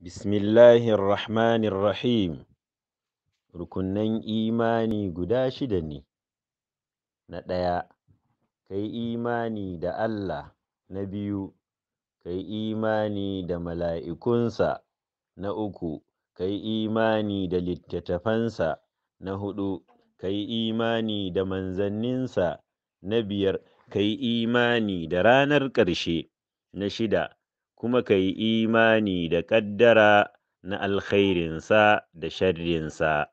Bismillahirrahmanirrahim. Rukunan imani guda shida ne. Na ɗaya, kai imani da Allah. Na biyu, kai imani da mala'ikunsa. Na uku, kai imani da littattafansa. Na hudu, kai imani da manzanninsa. Na biyar, kai imani da ranar ƙarshe. Na shida, kuma ka yi imani da ƙaddara na alkhairinsa da sharrinsa.